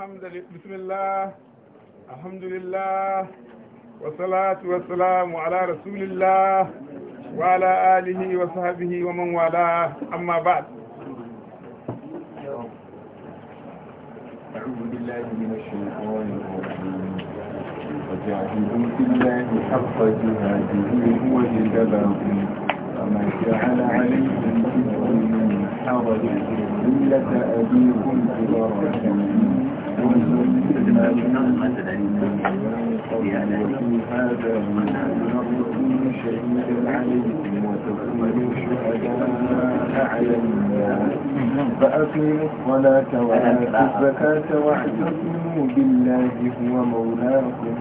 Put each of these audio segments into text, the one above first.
الحمد لله بسم الله الحمد لله والصلاة والسلام على رسول الله وعلى آله وصحبه ومن والاه أما بعد أعوذ بالله من الشيطان الرجيم وجاهدوا في الله حق جهاده هو جبركم وما جعل عليكم في من حرج الا أبيكم إبراهيم فأقيموا الصلاة الزكاة واعتصموا بالله هو مولاكم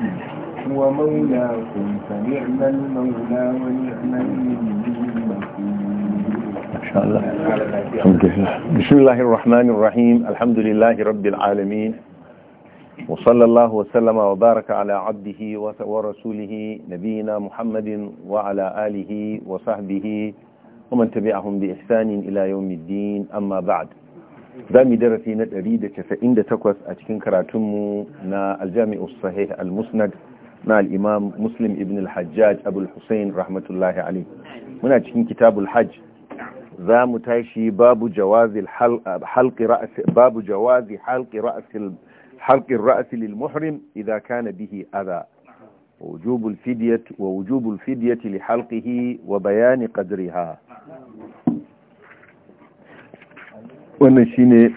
هو مولاكم فنعم المولى ونعم إن شاء الله بسم الله الرحمن الرحيم الحمد لله رب العالمين وصلى الله وسلم وبارك على عبده ورسوله نبينا محمد وعلى آله وصحبه ومن تبعهم بإحسان إلى يوم الدين أما بعد دامي درسي نتريد تسعين تكوس أتكين كراتم نا الجامع الصحيح المسند نا الإمام مسلم ابن الحجاج أبو الحسين رحمة الله عليه من أتكين كتاب الحج ذا متاشي باب جواز حلق رأس باب جواز حلق رأس الحلق حلق الرأس للمحرم إذا كان به أذى ووجوب الفدية ووجوب الفدية لحلقه وبيان قدرها wannan shine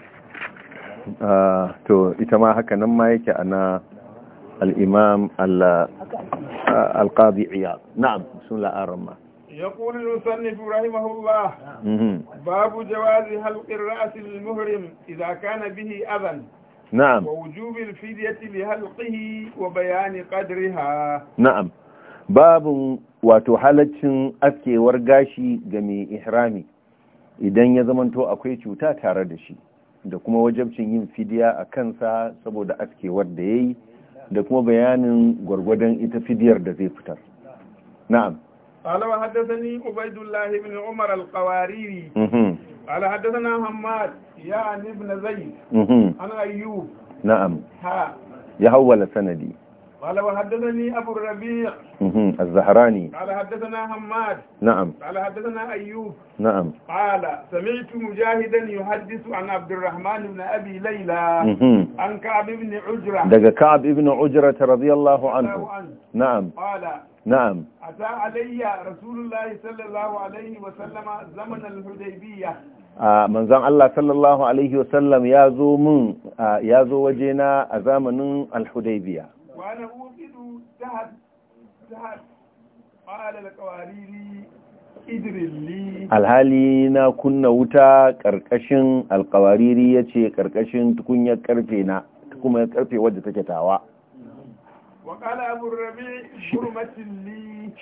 to ita ma haka nan ma yake ana al-imam al-qadi يقول المصنف رحمه الله باب جواز حلق الرأس للمحرم إذا كان به أذى na'am ووجوب الفدية لحلقه وبيان قدرها na'am babun wato halaccin askewar gashi ga mai ihrami idan ya zamanto akwai cuta tare da shi da kuma wajabcin yin fidiya a kansa saboda askewar da ya yi da kuma bayanin gwargwadon ita fidiyar da zai fitar na'am قال وحدثني عبيد الله بن umar القواريري قال حدثنا حماد يعني ابن زيد انا ايوب نعم ها يحول سندي قال وحدثني ابو الربيع الزهراني قال حدثنا حماد نعم قال حدثنا ايوب نعم قال سمعت مجاهدا يحدث عن عبد الرحمن بن ابي ليلى عن كعب بن عجره دقى كعب بن عجره رضي الله عنه, عنه. نعم قال na'am ata alayya rasulullahi sallallahu alaihi wa sallama zaman al-hudaybiyya Allah sallallahu alaihi wa sallam ya zo mun waje na a zamanin al-hudaybiyya wa ana alhali na kunna wuta ƙarƙashin alkawariri ya ce ƙarƙashin tukunyar ƙarfe na kuma ya ƙarfe wadda take tawa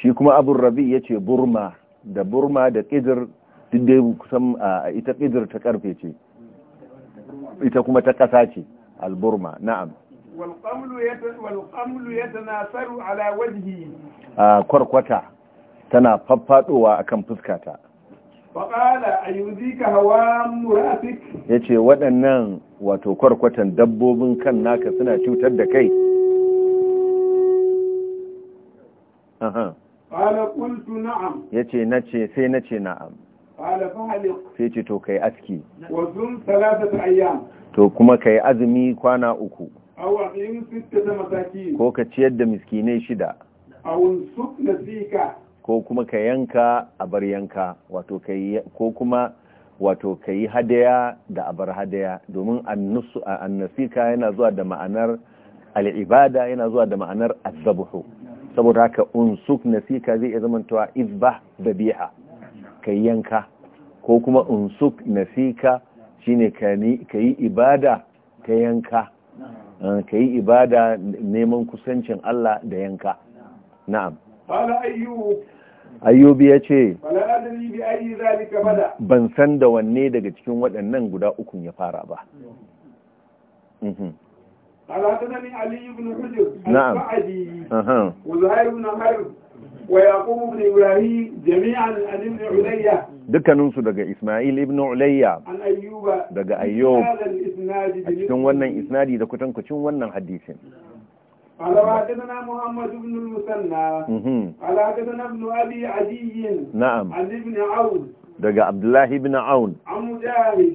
shi kuma abu rabi ya ce burma da burma da ƙidir duk dai kusan a ita ƙidir ta ƙarfe ce ita kuma ta ƙasa ce alburma na'am walƙamlu ya tana saru ala wajihi a kwarkwata tana faffaɗowa a kan fuskata faƙala a yanzu ka hawa murafik ya ce waɗannan wato kwarkwatan dabbobin kan naka suna cutar da kai Ƙala kuntu na'am. Ya ce na ce sai na ce na'am. Ƙala fahalik. Sai ce to kai aski. Wazun talatata ayyam. To kuma kai azumi kwana uku. in fita ta mataki. Ko ka ciyar da miskinai shida. suk na sika. Ko kuma ka yanka a bar yanka wato kai ko kuma wato ka yi hadaya da a bar hadaya domin annasika yana zuwa da ma'anar al'ibada yana zuwa da ma'anar azzabuhu saboda haka unsuk nasika zai iya zamantawa izbah dabiha kayi yanka ko kuma unsuk nasika shine kani kai ibada ta yanka eh, kai ibada neman kusancin Allah da yanka na'am ayyubi zalika ce ban san da wanne daga cikin waɗannan guda ukun ya fara ba mhm. قال حدثني علي بن حجر نعم وزهير بن حرب ويعقوب بن ابراهيم جميعا عن ابن عليا dukkaninsu daga Ismail ibn Ulayya daga Ayyub a cikin wannan isnadi da kutankucin wannan hadisin قال حدثنا محمد بن المثنى قال حدثنا ابن ابي عدي نعم عن ابن عون daga عبد الله بن عون عن مجاهد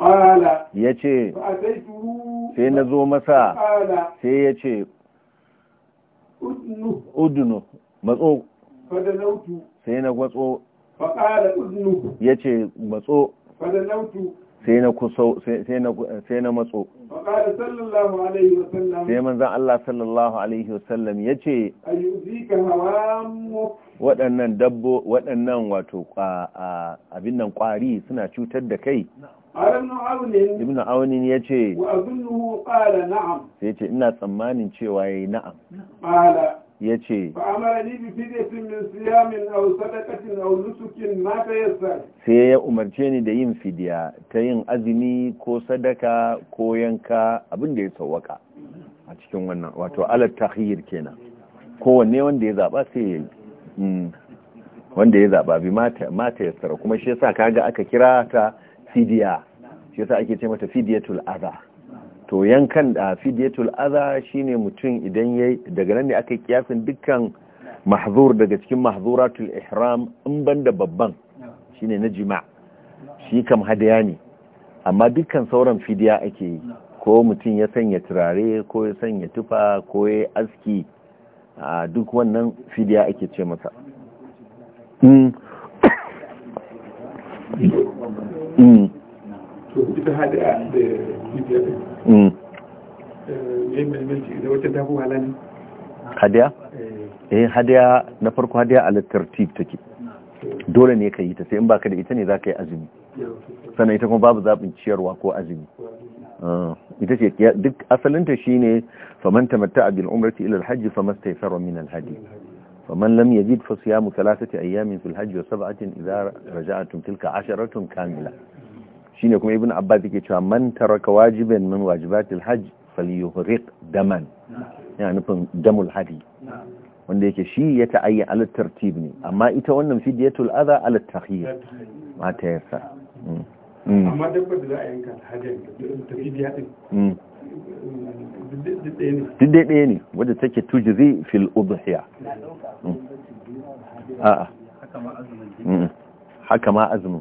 ya ce sai na zo masa sai ya ce udunu matso sai na gwatso ya ce matso sai na kuso sai na matso sai manzan Allah sallallahu alaihi wasallam ya ce waɗannan dabbo waɗannan wato abin nan ƙwari suna cutar da kai ibn aunin ya ce sai ce ina tsammanin cewa ya yi na'am ya ce sai ya umarce ni da yin fidiya ta yin azumi ko sadaka ko yanka abin da ya sauwaka a cikin wannan wato alat tahir kenan kowanne wanda ya zaba sai ya yi mm. wanda ya zaba bi mata ya tsara kuma shi yasa kaga aka kira ta fidiya shi yasa ake ce mata fidiyatul adha to yankan da fidiyatul adha shine mutum idan yayi daga nan ne aka kiyasin dukkan mahzur daga cikin mahzuratul ihram in banda babban shine na jima' shi kam hadaya ne amma dukkan sauran fidiya ake yi ko mutum ya sanya turare ko ya sanya tufa ko ya aski a duk wannan fidiya ake ce masa hmm. Mm. to ita hada da mm. eh, hadiya? Eh. eh hadiya na farko hadiya a littartif take eh. dole ne ka yi ta sai in baka da ita ne za ka yi azumi sannan ita kuma babu zabin ciyarwa ko azumi ita ce duk asalinta shine faman tamatta bil umrati ila alhajji famasta yasara min alhadi فمن لم يجد فصيام ثلاثة أيام في الحج وسبعة إذا رجعتم تلك عشرة كاملة شين يكون ابن عباس يقول من ترك واجبا من واجبات الحج فليهرق دما يعني نفهم دم الحدي wanda yake shi ya ta'ayyan alat tartib ne amma ita wannan fidyatul adha alat takhir mata yasa amma dabba da za a yanka hajjin ta fidya din duk ɗaya ne wadda take tujzi fil udhiya Mm. haka ma azumin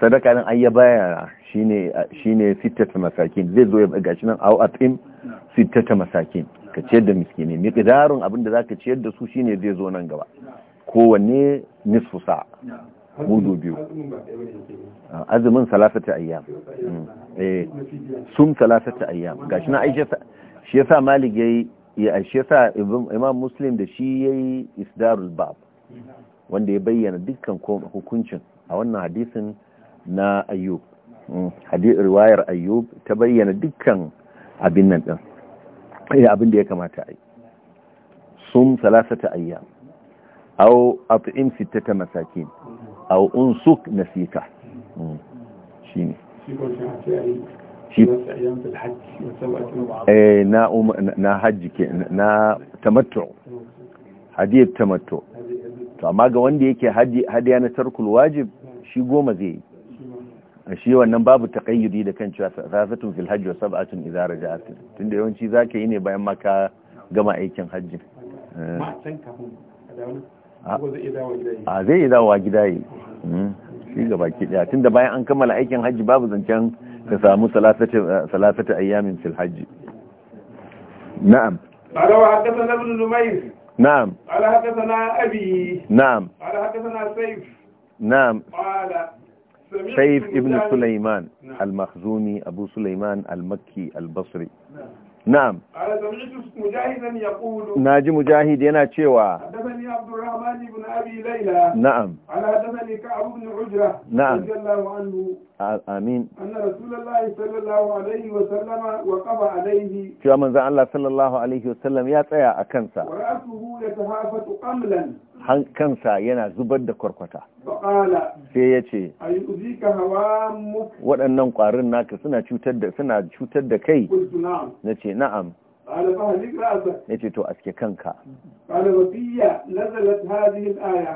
sadaka nan ayya baya shine shine sittata masakin zai zo ya gashi nan au atim sittata masakin ka ciyar da miskini miqdarun abinda zaka ciyar da su shine zai zo nan gaba kowanne nisfu sa mudu biyu azumin salasata ayyam mm. eh sum salasata ayyam gashi nan aisha shi yasa malik yayi ya shi yasa imam muslim da shi ya yi isdarul bab wanda ya bayyana dukkan hukuncin a wannan hadisin na ayyub mm, riwayar ayyub ta bayyana dukkan abin nan ɗin, abin da ya kamata a yi sum salasata Au aw at'im ta masakin aw unsuk nasika shine mm, shi ne Eh, na hajji ke na tamattu hadiyar tamattu to amma ga wanda yake hadiya na tarkul wajib shi goma zai yi shi wannan babu ta kayyudi da kan cewa zazatun fil hajji wa sab'atun idza tun da yawanci zaka yi ne bayan ma ka gama aikin hajji a zai yi dawowa gida yi hmm, shi gaba ki daya da bayan an kammala aikin hajji babu zancen ka ثلاثة, ثلاثة ايام في الحج نعم قال وحدثنا ابن نمير نعم قال حدثنا أبي نعم قال حدثنا سيف نعم قال سيف ابن سليمان نعم. المخزومي أبو سليمان المكي البصري نعم na'am na ji mujahid yana cewa na'am na'am amin cewa manzan Allah sallallahu alaihi wasallam ya tsaya a kansa kansa yana zubar da kwarkwata sai ya ce waɗannan ƙwarin naka suna cutar da kai na ce na'am ya ce to aske kanka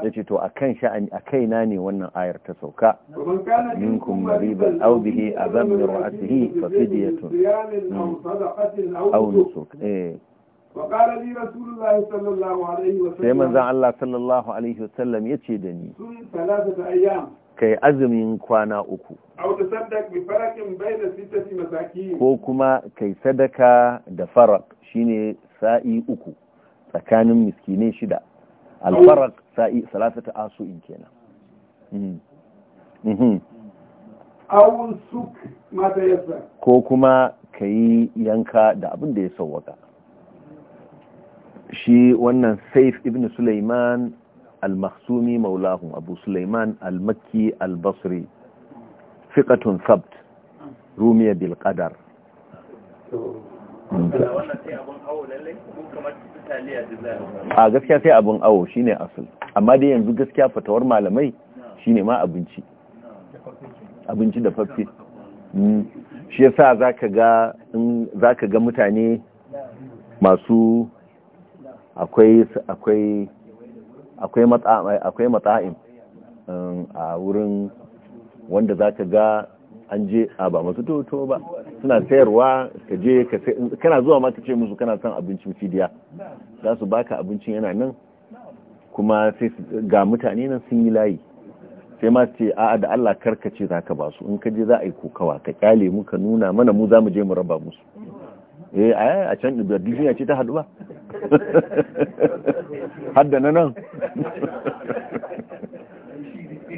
ya ce to a kan sha'ani a kaina ne wannan ayar ta sauka minkum mariban aw bihi azam ra'sihi fa fidyatun aw nusuk وقال لي رسول الله صلى الله عليه وسلم سيما زع الله صلى الله عليه وسلم ثلاثة أيام azumin kwana uku. Ko kuma kai sadaka da farak shine sa'i uku tsakanin miskinai shida. Alfarak sa'i ta asu in kenan. Mhm. Mhm. Ko kuma ka yi yanka da abin da ya sauwaka. shi wannan saif ibn suleiman al maksumi maulahun Abu Suleiman, al-Makki al-Basri Fiƙatun sabt rumiya Bilƙadar. Hmm. a gaskiya sai abun awo shine asul amma dai yanzu gaskiya fatawar malamai shine ma abinci abinci da fafi hmm. shi yasa sa za ka ga mutane masu akwai akwai akwai akwai mata'im um, a wurin wanda za ka ga an je a ba masu toto ba suna sayarwa ka je ka sai kana zuwa ma ka ce musu kana son abincin fidiya za su baka abincin yana nan kuma sai ga mutane nan sun yi layi sai ma ce a'a da Allah karkace zaka ba su in ka je za a yi kokawa ka kyale mu ka nuna mana mu za mu je mu raba musu eh a a can da duniya ce ta haduwa hadda na nan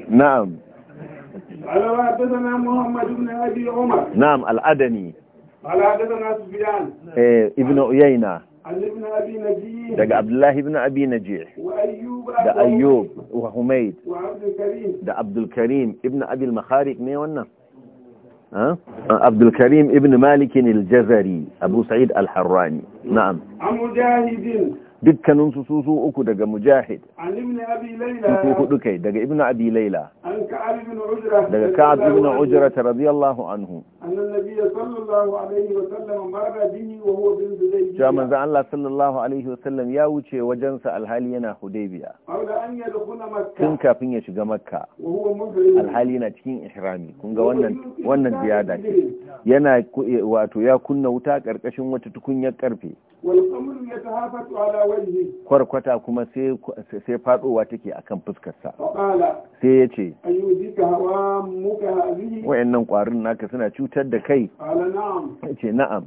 na'am alawa haddana muhammad ibn abi umar na'am al-adani haddana sufyan eh ibn uyayna daga abdullahi ibn abi naji da ayyub wa humayd da abdul karim ibn abi al-makharik ne wannan Abdulkarim الكريم ابن مالك الجزري أبو سعيد الحراني نعم عن مجاهد su uku daga mujahid su hudu kai daga ibn Abilaila daga ka'ab ibn ujra radiyallahu anhu أن النبي صلى الله عليه وسلم مر به وهو بن بالحديبية جاء من الله صلى الله عليه وسلم يا وجه وجنس الحالي ينا حديبية قبل أن يدخل مكة كن كافين يشغى مكة وهو محرم الحالي ينا تكين إحرامي كن wannan wannan ziyada ce yana wato ya kunna wuta karkashin wata tukunyar karfe kwarkwata kuma sai sai fadowa take akan fuskarsa sai ya ce هذه وإنهم naka suna cuta fitar da kai ya ce na'am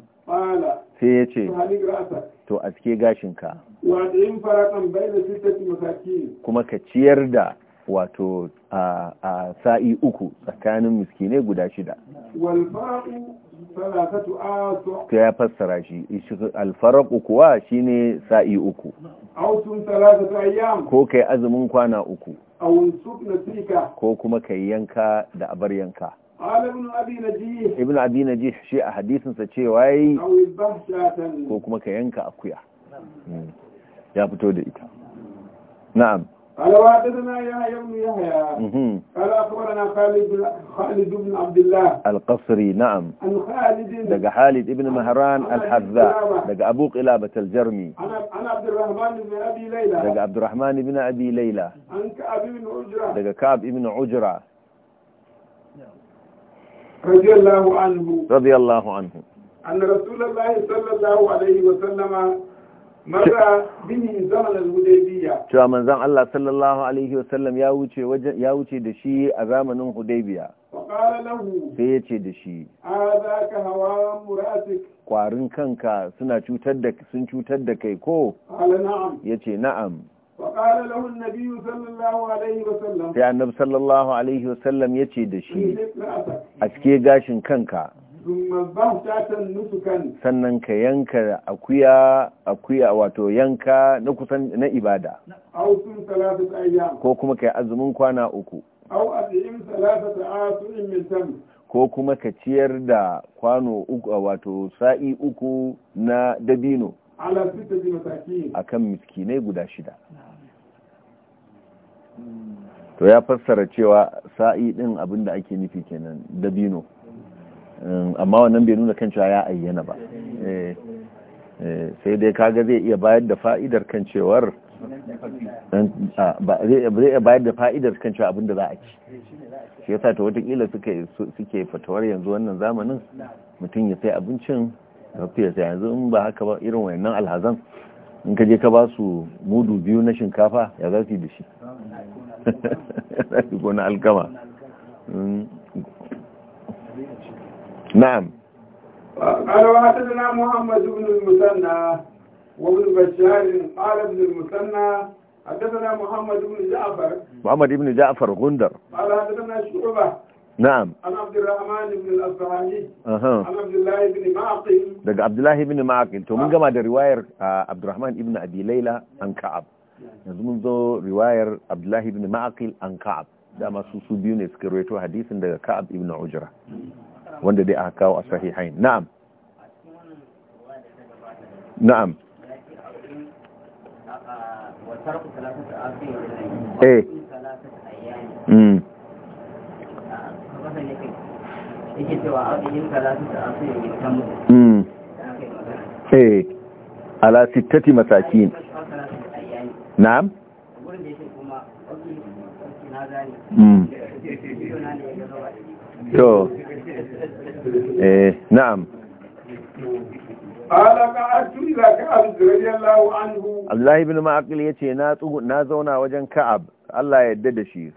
sai ya ce to a cike gashinka kuma ka ciyar da wato a sa'i uku tsakanin miskinai guda shida ta ya fassara shi alfaraku kuwa shine sa'i uku ko kai azumin kwana uku ko kuma kai yanka da abar yanka ibn abi najih shi a hadisinsa ce ko kuma ka akuya hmm. ya fito da ita na'am alawa dadana ya yawmi yahya qala akhbarana khalid khalid ibn abdullah al-qasri na'am an khalid daga khalid ibn mahran al-hadha daga abu qilaba al-jarmi ana abdurrahman ibn abi layla daga abdurrahman ibn abi layla an ka'ab ibn ujra daga ka'ab ibn ujra رضي الله عنه أن رسول الله صلى الله عليه وسلم مر به زمن الهديبية شو من زمن الله صلى الله عليه وسلم يا وجه دشي أزامن الهديبية فقال له shi. دشي هذاك هوام kwarin kanka suna cutar da sun cutar da kai ko? Ala na'am. Yace na'am. وقال له النبي صلى الله عليه وسلم يا النبي صلى الله عليه وسلم يتي دشي غاشن sannan ka yanka akuya akuya wato yanka na kusan na ibada ko kuma ka yi azumin kwana uku ko kuma ka ciyar da kwano uku wato sa'i uku na dabino a kan miskinai guda shida to ya fassara cewa sa'i din abin da ake nufi kenan dabino eh, amma wannan bai nuna kan cewa ya ayyana ba eh, eh, sai dai kaga zai iya bayar da fa'idar kan cewar zai iya bayar da fa'idar kan cewa abin da za a ci shi yasa ta watakila suke fatawar yanzu wannan zamanin mutum ya sai abincin da ya sai yanzu in ba haka ba irin wayannan alhazan in ka je ka ba su mudu biyu na shinkafa ya za su yi da shi na alkama mm. na'am arawa ta zana muhammad wani musanna wa ibn basharin qala ibn musanna hadathana muhammad ibn ja'far muhammad ibn ja'far gundar qala hadathana shu'bah na'am an abdullahi ibn ma'aqil daga abdullahi ibn ma'aqil to mun ah. gama da riwayar ah, abdurrahman ibn abi laila an ka'ab yanzu mun zo riwayar abdullahi ibn ma'aqil an ka'ab dama su su biyu ne suka rawaito hadisin daga ka'ab ibn ujra wanda dai aka kawo a sahihain na'am na'am eh mm Hmm. Eh, na'am hmm. eh, Allah ibn Ma'aqil yace na zauna wajen Ka'ab Allah ya yarda da shi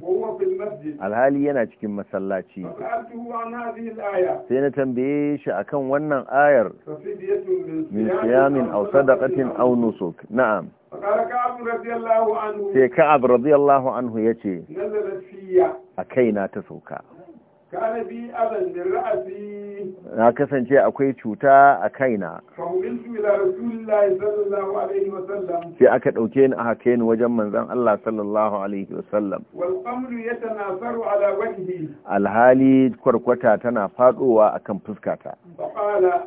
alhali yana cikin masallaci sai na tambaye shi akan wannan ayar min siyamin aw sadaqatin aw nusuk na'am sai ka'ab radiyallahu anhu yace a kaina ta sauka kana bi aban min ra'asi na kasance akwai cuta a kaina fahimtu ila rasulillahi sallallahu alaihi wa sallam sai aka dauke ni aka kai ni wajen manzon Allah sallallahu alaihi wa sallam wal qamru yatanasaru ala wajhi alhali kwarkwata tana fadowa akan fuskata faqala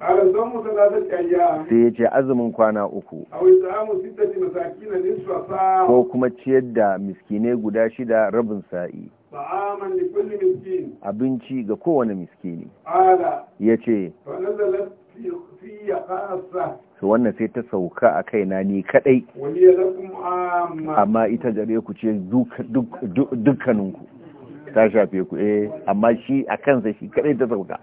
sai ya ce azumin kwana uku ko kuma ciyar da miskinai guda shida rabin sa'i abinci ga kowane miskini ya ce su wannan sai ta sauka a kaina ni kadai amma ita gare ku ce dukkaninku ta shafe ku eh amma shi a kansa shi kadai ta sauka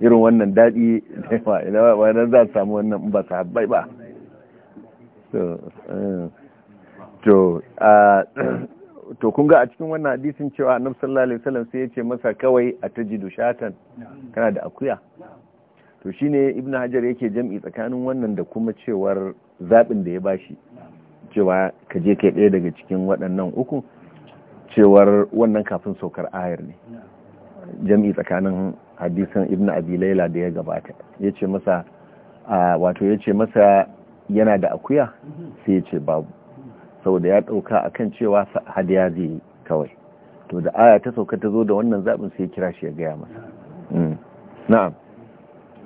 irin wannan daɗi wannan za a samu wannan ba haɓɓai ba eh. to kun ga a cikin wannan hadisin cewa na sallallahu alaihi wasallam sai ya ce masa kawai a ta tajidu shatan kana da akuya to shi ne ibn hajar yake jam'i tsakanin wannan da kuma cewar zaɓin da ya bashi cewa ka je kai ɗaya daga cikin waɗannan uku cewar wannan kafin saukar ayar ne jam'i tsakanin hadisin ibn abi laila da ya gabata ya ce masa wato ya ce masa yana da akuya sai ya ce babu saboda ya ɗauka akan cewa hadiya zai yi kawai to da aya ta sauka ta zo da wannan zaɓin sai ya kira shi ya gaya masa mm. na'am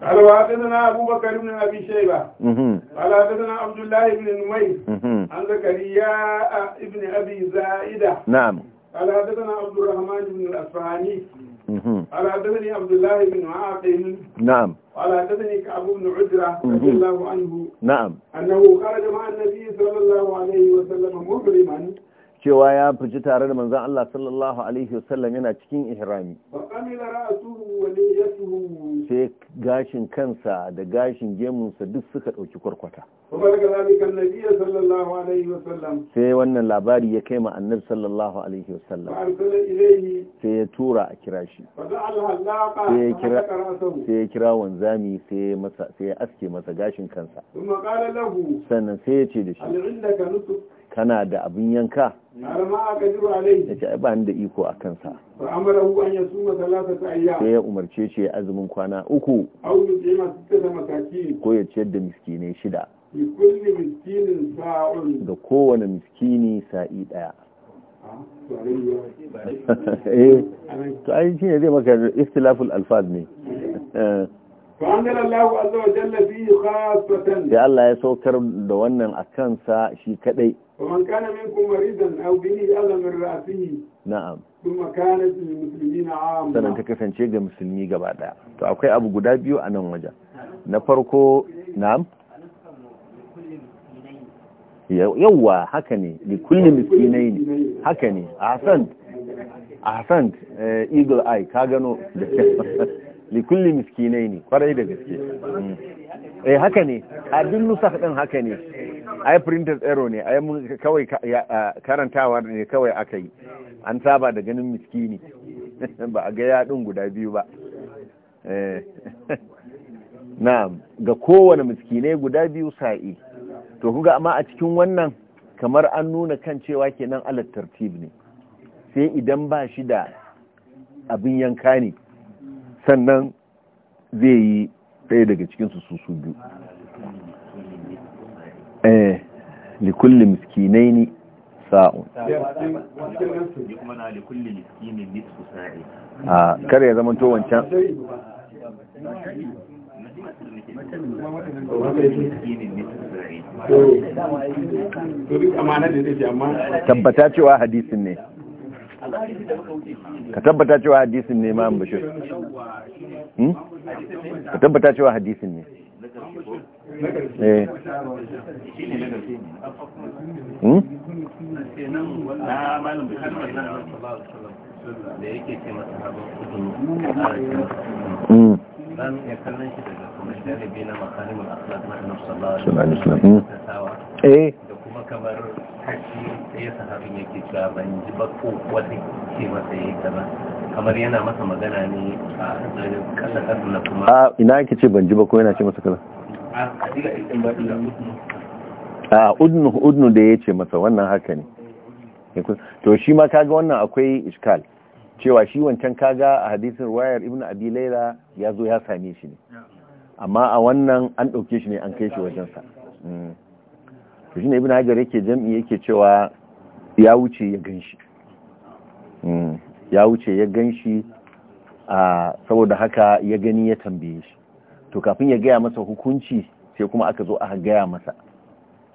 قال وحدثنا أبو بكر بن أبي شيبة قال حدثنا عبد الله بن نمير عن زكريا ابن أبي زائدة نعم قال حدثنا عبد الرحمن بن الأصفهاني قال حدثني عبد الله بن عاقل نعم قال حدثني كعب بن عجرة رضي الله عنه نعم أنه خرج مع النبي صلى الله عليه وسلم محرما cewa ya fici tare da manzan Allah sallallahu Alaihi wasallam yana cikin ihrami. Sai gashin kansa da gashin gemunsa duk suka ɗauki kwarkwata. Sai wannan labari ya kai ma'annar sallallahu Alaihi wasallam. Sai ya tura a kira shi. Sai ya kira wanzami sai ya aske masa gashin kansa. Sannan sai ya ce da shi. kana da abin yanka ya ce ba ni da iko a kansa sai ya umarce shi ya azumin kwana uku ko ya ciyar da miskinai shida ga kowane miskini sa'i daya ah, eh to ai shi ne zai maka istilaful alfaz ne sai Allah ya saukar da wannan a kansa shi kadai ومن كان منكم مريضا او به أذى من راسه نعم ثم كانت للمسلمين عامة sannan ta kasance ga musulmi gaba daya to akwai abu guda biyu a nan wajen na farko na'am yawwa haka ne li kulli miskinai haka ne ahsan ahsan eagle eye ka gano da likulli miskinai ne kwarai da gaske mm. eh haka ne a duk nusakh din haka ne ai printed error ne ai mun kawai karantawa ne kawai aka yi an saba da ganin miskini ba a ga yadin guda biyu ba eh na'am ga kowane miskinai guda biyu sa'i to kuga amma a cikin wannan kamar an nuna kan cewa kenan alat tartib ne sai idan ba shi da abin yanka ne sannan zai yi ɗaya daga cikinsu su su biyu eh likulli miskinai ne sa'un a ah, kare ya zama to wancan tabbata cewa hadisin ne ka tabbata cewa hadisin ne ma'am bashir hmm? ka tabbata cewa hadisin ne eh hmm? Hmm. kuma kamar haji sai sahabin yake cewa ban ji ba ko wata ce masa yayi ba kamar yana masa magana ne a kasa kasa na kuma a ina yake ce ban ji ba ko yana ce masa kala. a diga ikin ba da a udnu udnu da ce masa wannan haka ne to shi ma kaga wannan akwai iskal cewa shi wancan kaga a hadisin wayar ibnu abi laila ya zo ya same shi ne amma a wannan an ɗauke shi ne an kai shi wajensa hmm. to ne ibn hajar yake jam'i yake cewa ya wuce ya gan shi hmm. ya wuce ya shi a saboda haka ya gani ya tambaye shi to kafin ya gaya masa hukunci sai kuma aka zo a gaya masa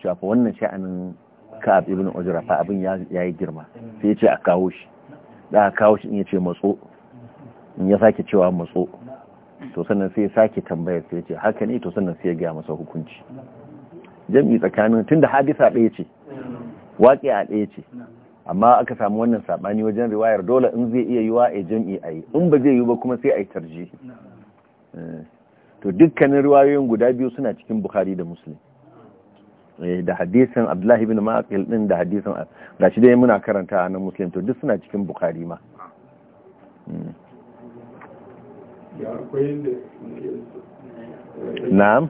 shafa wannan sha'anin ka'ab ibn ojira fa abin ya yi girma sai ya ce a kawo shi da a kawo shi in ya ce matso in ya sake cewa matso to sannan sai ya sake tambayar sai ya ce haka ne to sannan sai ya gaya masa hukunci jam'i tsakanin tun da hadisa ɗaya ce waƙi a ɗaya ce amma aka samu wannan saɓani wajen riwayar dole in zai iya yiwa a jam'i a yi in ba zai yi ba kuma sai a yi tarji eh, to dukkanin riwayoyin guda biyu suna cikin bukhari da muslim eh, da hadisan abdullahi bin ma'aƙil ɗin da hadisan ga shi dai muna karanta a nan muslim to duk suna cikin bukhari ma hmm. na'am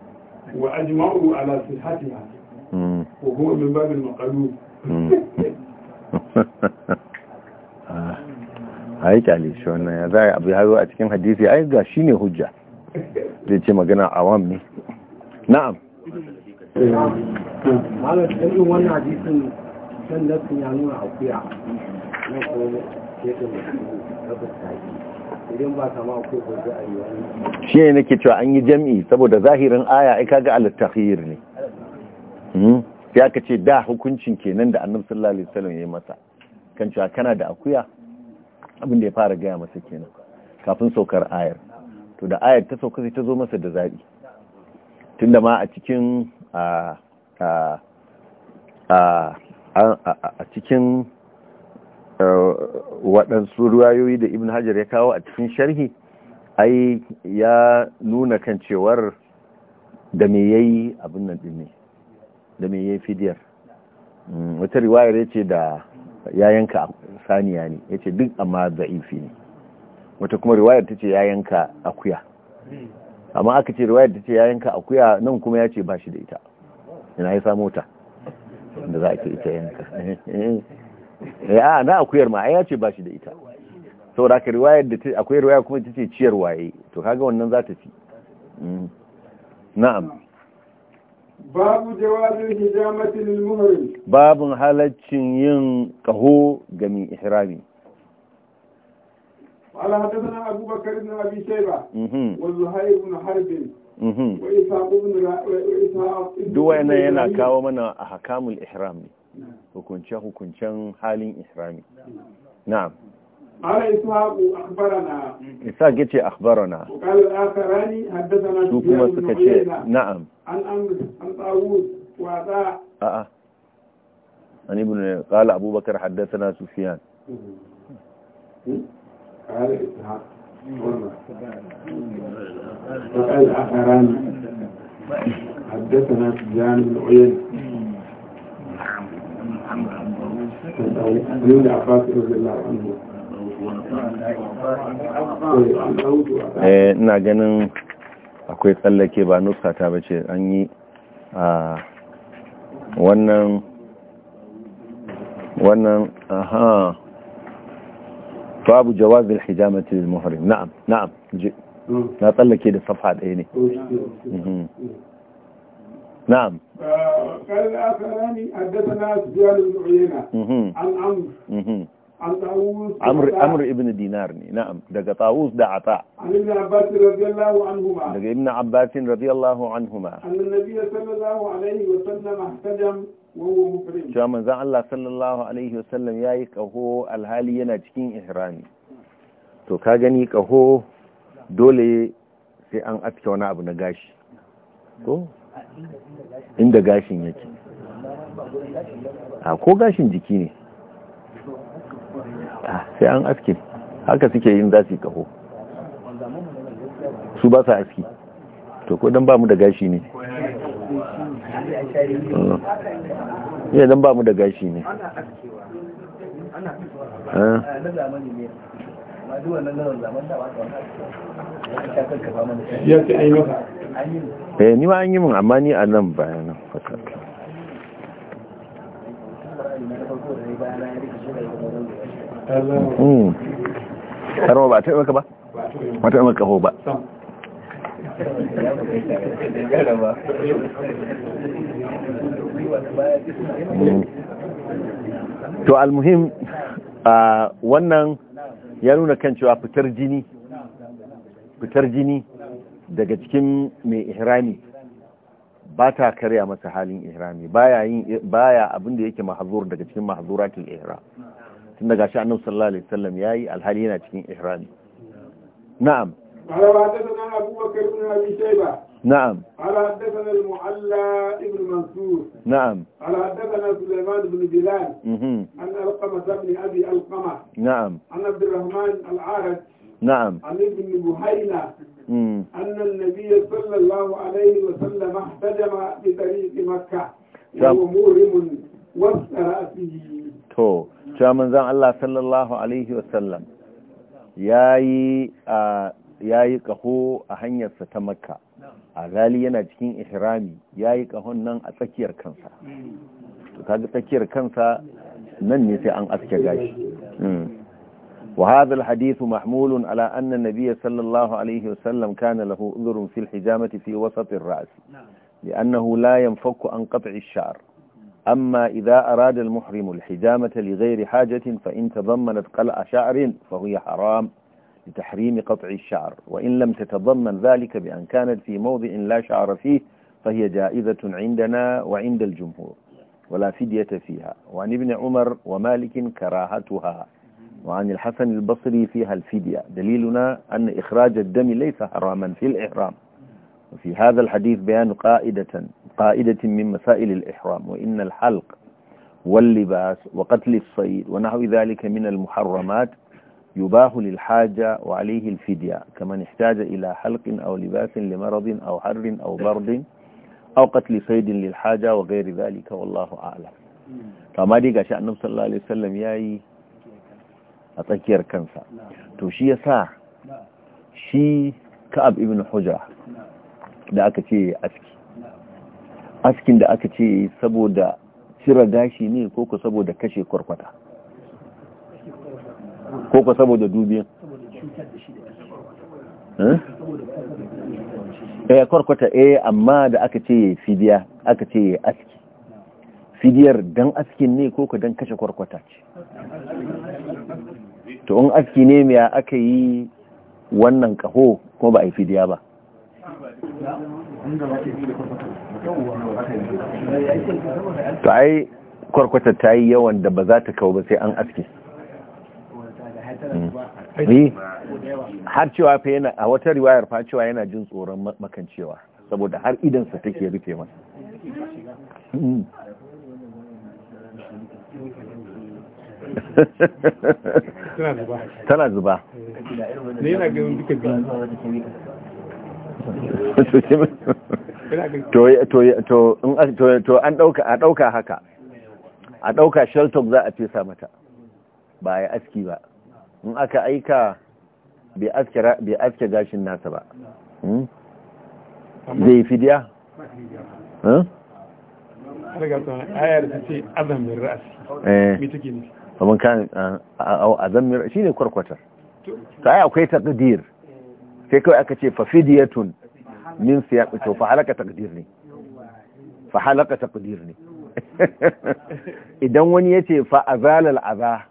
وأجمعوا على صحتها وهو من باب المقلوب a yi kyale shi wannan ya za abu ya zo a cikin hadisi ai ga shi ne hujja zai ce magana a awam ne na'am malar ɗin wannan hadisin can ya nuna akuya na kuma ke ɗin da ta shi ne nake cewa an yi jam'i saboda zahirin aya aika ga al tahiri ne ya hmm? ka ce da hukuncin kenan da annabi sallallahu alaihi wasallam ya masa kan cewa kana da akuya abin da ya fara gaya masa kenan kafin saukar ayar to da ayar ta sauka sai ta zo masa da zabi tunda ma a cikin a cikin waɗansu ruwayoyi da ibn hajar ya kawo a cikin sharhi ai ya nuna kan cewar da me ya yi abin nan ɗin ne da me ya yi fidiyar mm, wata riwayar ya ce da ya yanka saniya ne ya ce duk amma za'ifi ne wata kuma riwayar ta ce ya yanka akuya amma aka ce riwayar ta ce ya yanka akuya nan kuma ya ce ba shi da ita yana ya samu ta da za a ce ita yanka ya eh, na akuyar ma ai ya ce ba shi da ita saboda ka riwayar da akwai riwaya kuma ta ce ciyar waye to kaga wannan za ta ci mm. na'am babu jawazin hijamatin muhrim babu halaccin yin kaho ga mi ihrami قال حدثنا أبو wa zuhair ibn harb وزهير بن حرب وإسحاق بن وإسحاق دو أنا هنا كاو من أحكام الإحرام دي. hukunce-hukuncen حالي ihrami نعم قال إسحاق أخبرنا إسحاق يتي أخبرنا وقال الآخراني حدثنا سفيان بن عيينة نعم عن أمر عن طاووس وعطاء آه،, أه عن ابن قال أبو بكر حدثنا سفيان قال إسحاق وقال الآخراني حدثنا سفيان بن عيينة Eh, ina ganin akwai tsallake ba nufka ta bace an yi a wannan wannan aha babu jawazin hijamati muhari na'am na'am na tsallake da safa ɗaya ne oh, oh, mhm. نعم قال الآخران حدثنا سفيان بن عيينة عن عمرو عن طاووس عمرو عمرو ابن دينار نعم دقى طاووس ده عطاء عن ابن عباس رضي الله عنهما دقى ابن عباس رضي الله عنهما أن النبي صلى الله عليه وسلم احتجم وهو محرم شو من الله صلى الله عليه وسلم يا يقهو الهالي ينجكين إحرامي to ka gani kaho dole sai an aske wani abu na inda gashin yake a ko gashin jiki ne sai an aski haka suke yin za su yi kaho su ba su aski to ko don ba mu da gashi ne ya mm. eh, don ba mu da gashi ne Eh, ni ma an yi mun amma ni a nan bayan haka hmm. Harwa ba ta maka ba? Ba ta maka ba. Hmm. To almuhim ah, wannan ya nuna kan cewa fitar jini fitar jini daga cikin mai ihrami ba ta karya masa halin ihrami baya abin da yake mahzur daga cikin ke ihram tun daga shi annabi sallallahu alaihi wasallam yayi alhali yana cikin ihrami na'am نعم على حدثنا المعلى ابن منصور نعم على حدثنا سليمان بن بلال عن القمة بن أبي القمة نعم عن عبد الرحمن العارج نعم عن ابن بحينة أن النبي صلى الله عليه وسلم احتجم بطريق مكة يوم مورم وافترى فيه to cewa manzon Allah sallallahu alaihi wasallam yayi a ya yi ƙaho a hanyarsa ta makka a gali yana cikin ihrami ya yi ƙahon nan a tsakiyar kansa to kaga tsakiyar kansa nan ne sai an aske gashi وهذا الحديث محمول على أن النبي صلى الله عليه وسلم كان له أذر في الحجامة في وسط الرأس لأنه لا ينفك عن قطع الشعر أما إذا أراد المحرم الحجامة لغير حاجة فإن تضمنت قلع شعر فهي حرام لتحريم قطع الشعر وإن لم تتضمن ذلك بأن كانت في موضع لا شعر فيه فهي جائزة عندنا وعند الجمهور ولا فدية فيها وعن ابن عمر ومالك كراهتها وعن الحسن البصري فيها الفدية دليلنا أن إخراج الدم ليس حراما في الإحرام وفي هذا الحديث بيان قائدة قائدة من مسائل الإحرام وإن الحلق واللباس وقتل الصيد ونحو ذلك من المحرمات yubahu للحاجة وعليه الفدية كمن احتاج إلى حلق أو لباس لمرض أو حر أو برد أو قتل صيد للحاجة وغير ذلك والله أعلم kama dai gashi annabi sallallahu alaihi wasallam yayi a tsakiyar kansa to shi yasa shi Ka'ab ibn Hujra da aka ce aski askin da aka ce saboda cire gashi ne ko saboda kashe kwarkwata ko ko saboda dubiyan eh korkota eh amma da aka ce yayi fidiya aka ce yayi aski fidiyar dan askin ne ko ko dan kashe kwarkwata ce to in aski ne me aka yi wannan kaho ko ba a yi fidiya ba to ai kwarkwata ta yi yawan da ba za ta kawo ba sai an aski har cewa fa yana a wata riwayar fa cewa yana jin tsoron makancewa saboda har sa take rufe masa hmm. tana zuba ne yana ganin duka to an dauka a dauka haka a dauka sheltok za a fesa mata ba ya aski ba in aka aika bai aske gashin nasa ba hmm? zai yi fidiya? abin eh. kan azamir shi ne kwarkwatar ta yi akwai takdir sai kawai aka ce fafidiyatun min siya to fa takdir ne takdir ne idan wani ya ce fa azalal azah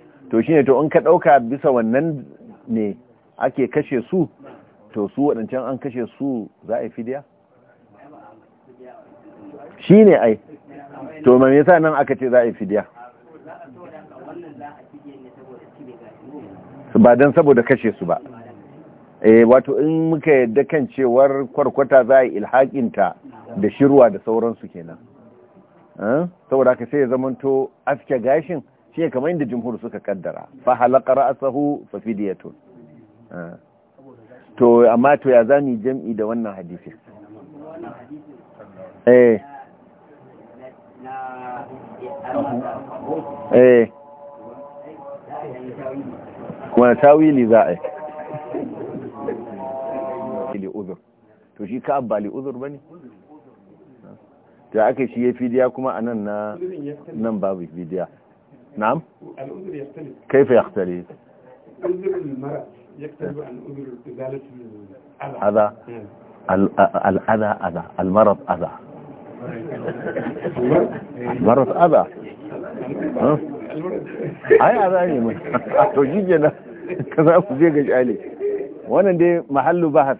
to ne to in ka ɗauka bisa wannan ne ake kashe su to su waɗancan an kashe su za a yi fidiya shi ne ai to mai nisa nan aka ce za a yi fidiya ba don saboda kashe su ba eh wato in muka yadda kan cewar kwarkwata za a yi ilhaƙinta da shirwa da sauransu kenan eh, saboda ka sai ya zamanto afke gashin shi kamar inda jumhur suka kaddara fa halaka ra'asahu fa fidyatun ah. to amma to ya zani jam'i da wannan hadisi eh eh kuma tawili za a yi uzur to shi ka ba uzur ba ne da aka shi ya fidiya kuma a nan na nan babu fidiya نعم الأذر يختلف كيف يختلف أذر المرأة يختلف عن أذر إزالة الأذى الأذى نعم. أذى المرض أذى المرض أذى أي أذى أي توجيه جنة كذا أفضيك إشعالي وانا دي محل بحث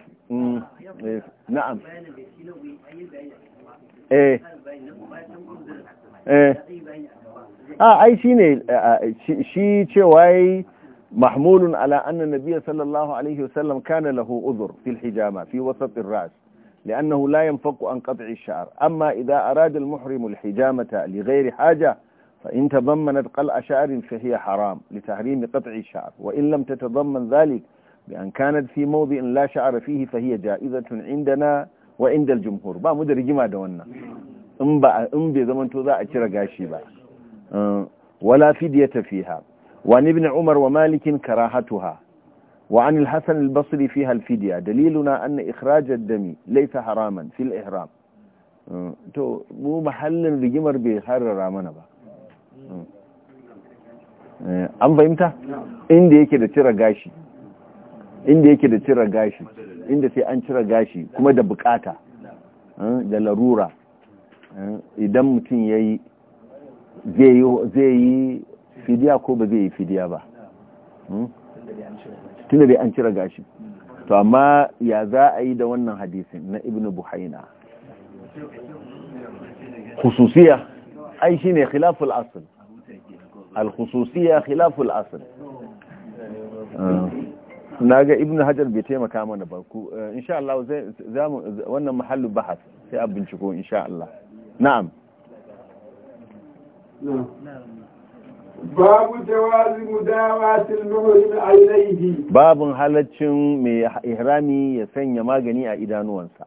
إيه. نعم ايه ايه a آه، ai آه، آه، شيء شيء shi cewa yi mahmulun ala anna nabiya sallallahu alaihi wasallam kana lahu uzur fil hijama fi wasat لأنه لا ينفك عن قطع الشعر أما إذا أراد المحرم الحجامة لغير حاجة فإن تضمنت قلع شعر فهي حرام لتحريم قطع الشعر وإن لم تتضمن ذلك بأن كانت في موضع لا شعر فيه فهي جائزة عندنا وعند الجمهور با مدرجما دوننا إن ba in bai zamanto za a cire gashi ba ولا فدية فيها وعن ابن عمر ومالك كراهتها وعن الحسن البصري فيها الفدية دليلنا أن إخراج الدم ليس حراما في الإهرام تو مو محل رجمر بحر رامنا با an fahimta inda yake da cire gashi inda yake da cire gashi inda sai an cire gashi kuma da bukata da larura idan mutum ya yi zai yi fidiya ko ba zai yi fidiya ba hmm? tunda bai an cire gashi to amma ya za a yi da wannan hadisin na ibn buhaina khususiya ai ne khilaful asl al-khususiya khilaful asl ah. na ga ibn hajar bai taimaka mana ba ku eh, insha Allah wannan mahallu bahas sai a binciko insha Allah na'am babu jawazi mudawatil muhrim alayhi Babu halaccin mai ihrami ya sanya magani a idanuwansa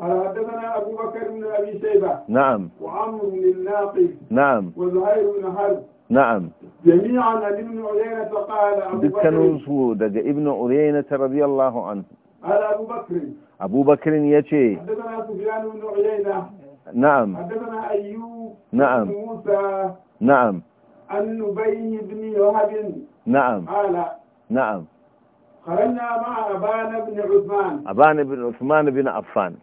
حدثنا أبو بكر بن أبي شيبة نعم وعمر بن الناقد نعم وزهير بن حرب نعم جميعا عن ابن عيينة قال أبو بكر دكنوسو ابن عيينة رضي الله عنه قال أبو بكر أبو بكر يتي حدثنا سفيان بن عيينة نعم حدثنا أيوب نعم موسى نعم عن نبي بن يهب نعم قال نعم خرجنا مع أبان بن عثمان أبان بن عثمان بن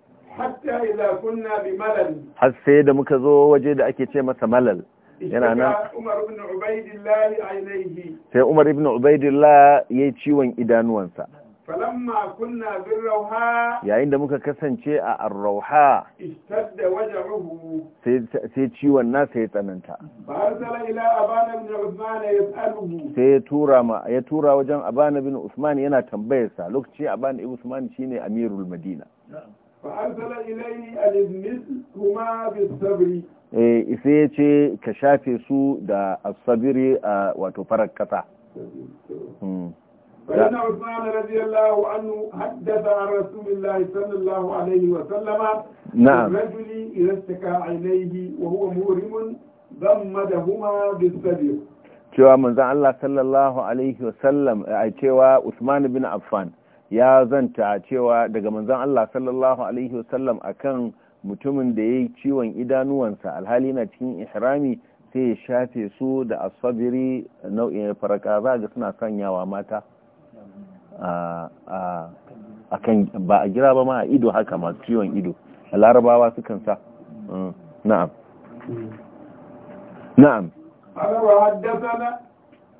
bi malal har da muka zo waje da ake ce masa malal yana nan Umar ibn Ubaidillah ainihi sai Umar ibn Ubaidillah yayi ciwon idanuwansa falamma kunna bin rauha yayin da muka kasance a arrauha istadda waj'uhu sai ciwon nasa ya tsananta farsala ila abana bin usman yas'aluhu sai ya tura ma ya tura wajen abana bin usman yana tambayar sa lokaci abana bin usman shine amirul madina farsala ilayhi al-mithluhuma bis-sabri eh sai ya ka shafe su da wato kasa فإن عثمان رضي الله عنه حدث عن رسول الله صلى الله عليه وسلم نعم الرجل إذا اشتكى عينيه وهو مورم ضمدهما بالسبيل cewa manzon Allah sallallahu alaihi wasallam a cewa Usman bin Affan ya zanta cewa daga manzon Allah sallallahu alaihi wasallam akan mutumin da yayi ciwon idanuwansa alhali na cikin ihrami sai ya shafe su da asfabiri nau'in faraka za ga suna sanyawa mata a kan ba a gira ba ma a ido haka ma ciwon ido a larabawa su sa na'am na'am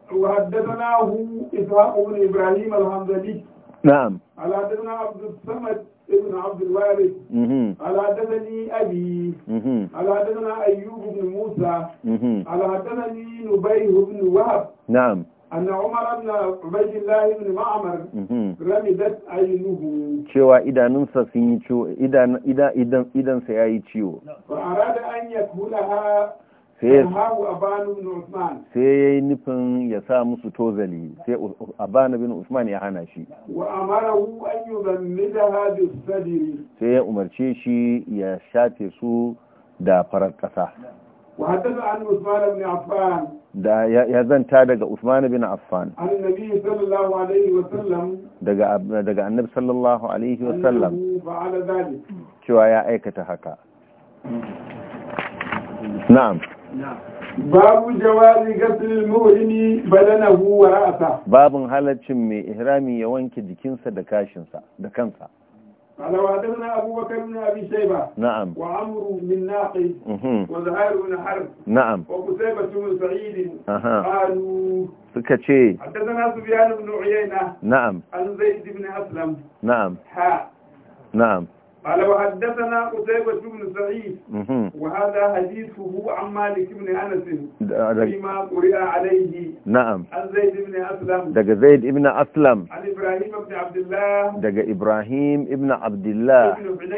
وحدثناه إسحاق بن إبراهيم الحمدلي نعم على حدثنا عبد الصمد ابن عبد الوارث على حدثني أبي على حدثنا أيوب بن موسى على حدثني نبيه بن وهب نعم أن عمر بن عبيد الله بن معمر رمدت عينه cewa idanunsa sun yi ciwo idan idan إذا idan sa yayi ciwo arada an yakulaha sai ya yi nufin ya sa musu tozali sai Aban bin Usman ya hana shi wa amarahu an sai ya umarce shi ya shafe su da farar ƙasa. وحدث عن عثمان بن عفان da ya zanta daga Usman bin Affan annabi sallallahu alaihi wa sallam daga daga annabi sallallahu alaihi wa sallam fa'ala zalik cewa ya aikata haka na'am babu jawazi ghasl al-muhrimi badanahu wa ra'sa babun halaccin mai ihrami ya wanke jikinsa da kashinsa da kansa قال وحدثنا أبو بكر بن أبي شيبة نعم وعمرو بن ناقد وزهير بن حرب نعم وقتيبة بن سعيد قالوا سكتشي حدثنا سفيان بن عيينة نعم عن زيد بن أسلم نعم حاء نعم قال وحدثنا قتيبة بن سعيد وهذا حديثه عن مالك بن أنس فيما قرئ عليه نعم عن زيد بن أسلم دق زيد بن أسلم عن إبراهيم بن عبد الله دق إبراهيم بن عبد الله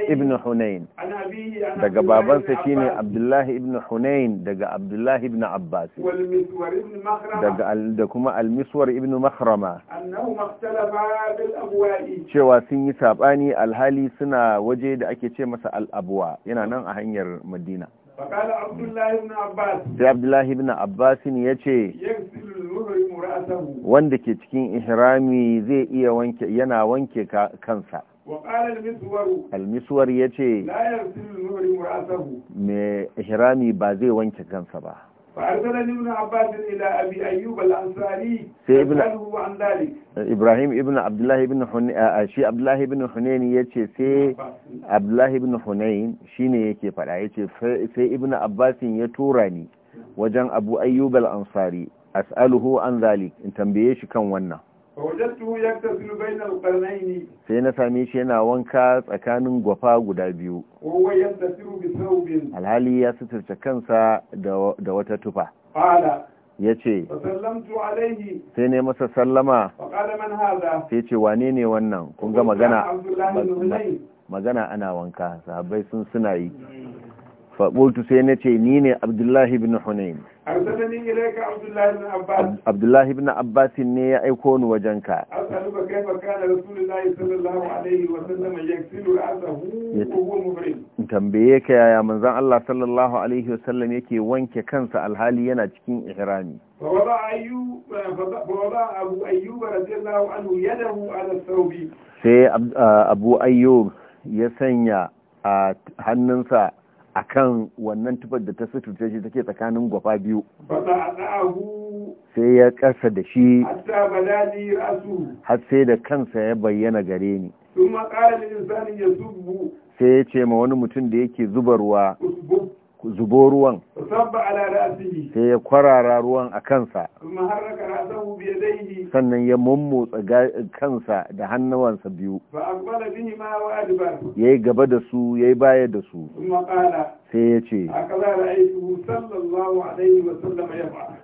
ابن حنين عن أبيه عن دق بابا سكيني عبد الله بن حنين دق عبد الله بن عباس والمسور بن مخرمة دق دكما المسور بن مخرمة أنهما اختلفا بالأبواء شوى سابعاني الهالي سنة وجه waje da ake ce masa al'abuwa yana nan a hanyar madina sai abdullahi ibn abbasin ya ce wanda ke cikin ihrami zai iya wanke yana wanke kansa almiswar ya ce mai ihrami ba zai wanke kansa ba فأرسلني ابن عباس إلى أبي أيوب الأنصاري يسأله عن ذلك إبراهيم ابن عبد الله بن حنين شي عبد الله بن حنين يتي سي عبد الله بن حنين شيني يكي فدا يتي سي ابن عباس يتوراني وجن أبو أيوب الأنصاري أسأله عن ذلك إن تنبيه شي كان wannan sai na same shi yana wanka tsakanin gwafa guda biyu alhali ya suturce kansa da wata tufa ya ce sai ne masa sallama sai ce wane ne wannan kun ga magana magana ana wanka sahabbai sun suna yi faɓultu sai na ce ni ne abdullahi bin hunayn Abdullahi bin Abbas ne ya aiko ni wajen asaluka rasulullahi wa sallam yaksilu ra'sahu wa huwa tambaye ka yaya manzon Allah sallallahu alaihi wa sallam yake wanke kansa alhali yana cikin ihrami sai Abu Ayyub ya sanya a hannunsa akan wannan tufar da ta suturce shi take tsakanin gwafa biyu sai ya ƙasa da shi har sai da kansa ya bayyana gare ni sai ya ce ma wani mutum da yake zubarwa zubo ruwan sai ya kwarara ruwan a kansa sannan ya mummotsa kansa da hannuwansa biyu ya yi gaba da su ya yi baya da su sai ya ce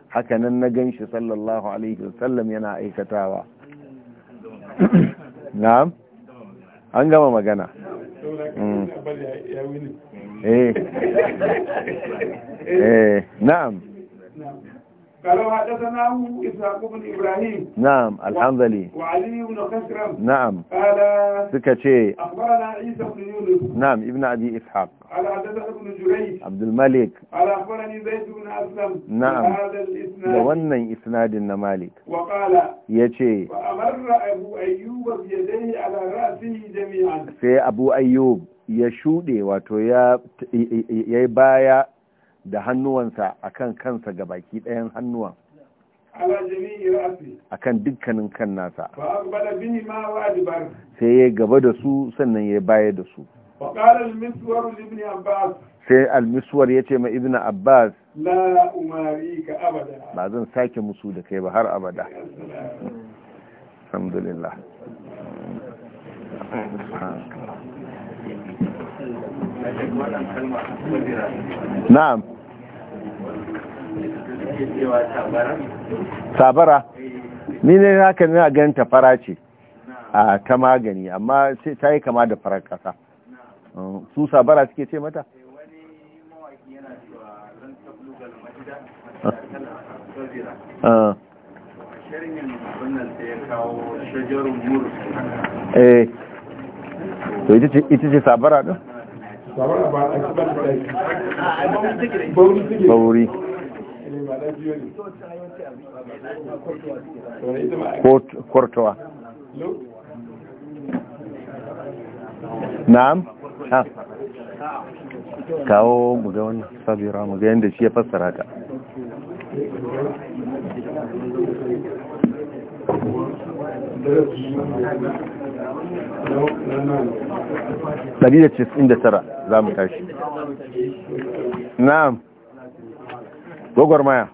hakanan na gan shi sallallahu alaihi wasallam yana aikatawa na'am an gama magana Mm. Eh. eh na'am قالوا حدثناه إسحاق بن إبراهيم نعم الحنظلي وعلي بن خشرم نعم قال سكتشي أخبرنا عيسى بن يونس نعم ابن أبي إسحاق قال حدثنا ابن جريج عبد الملك قال أخبرني زيد بن أسلم نعم هذا الإسناد لونا إسناد مالك وقال يتشي فأمر أبو أيوب بيديه على رأسه جميعا سي أبو أيوب ya shuɗe wato ya yi baya da hannuwansa akan kansa ga baki ɗayan hannuwan akan dukkanin kan nasa sai ya gaba da su sannan ya baya da su sai almiswar ya ce ma ibn abbas ba zan sake musu da kai ba har abada alhamdulillah na'am sabara ni ne haka na ganin ta fara ce a ta magani amma sai ta yi kama da farar kasa su sabara suke ce mata to ita ce sabara ɗin? sabara ba a bauri ne na'am kawo mu ga wannan sabira mu ga yadda shi ya fassara ta Dari da cikin da tara za mu tashi. Na'am. gwagwarmaya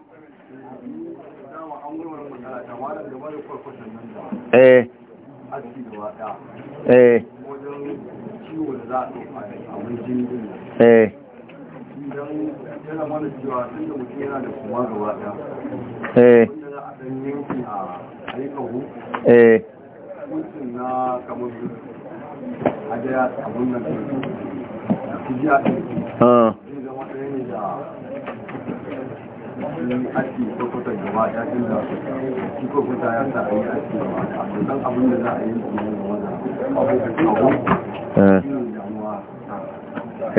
eh eh eh eh eh ah. sun aski sokoto gaba ya tun da shi ko kuta ya sa a yi aiki aski gaba dan abin da za a yi eh.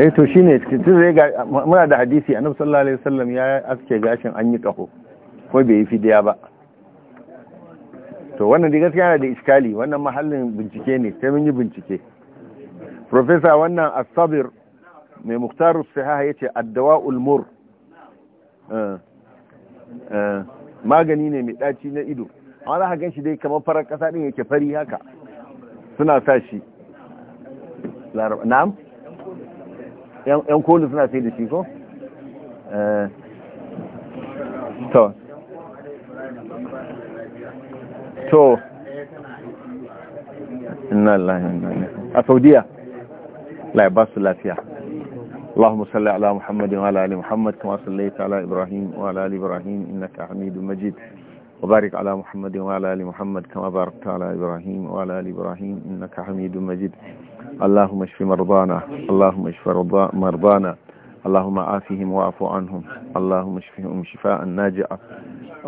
eh to shine tun zai ga muna da hadisi annabi sallallahu alaihi wasallam ya aske gashin an yi kaho ko bai yi fidiya ba to wannan da gaskiya yana da iskali wannan mahallin bincike ne sai mun yi bincike profesa wannan asabir mai muktarus sahaha yace ad-dawa'ul mur eh. Eh, magani ne mai ɗaci na ido amma za ka gan shi dai kamar farar kasa ɗin yake fari haka suna sa shi na'am yan koli suna sai da shi ko? Eh. to to inna Allah a saudiya lai ba su lafiya اللهم صل على محمد وعلى ال محمد كما صليت على ابراهيم وعلى ال ابراهيم انك حميد مجيد وبارك على محمد وعلى ال محمد كما باركت على ابراهيم وعلى ال ابراهيم انك حميد مجيد اللهم اشف مرضانا اللهم اشف مرضانا اللهم عافهم واعف عنهم اللهم اشفهم شفاء ناجعا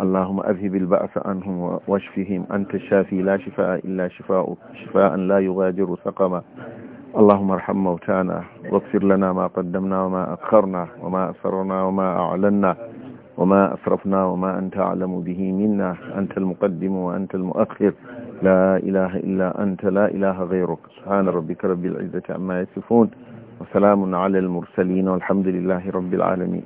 اللهم اذهب البأس عنهم واشفهم انت الشافي لا شفاء الا شفاؤك شفاء لا يغادر سقما اللهم ارحم موتانا واغفر لنا ما قدمنا وما أخرنا وما أسررنا وما أعلنا وما أسرفنا وما أنت أعلم به منا أنت المقدم وأنت المؤخر لا إله إلا أنت لا إله غيرك سبحان ربك رب العزة عما يصفون وسلام على المرسلين والحمد لله رب العالمين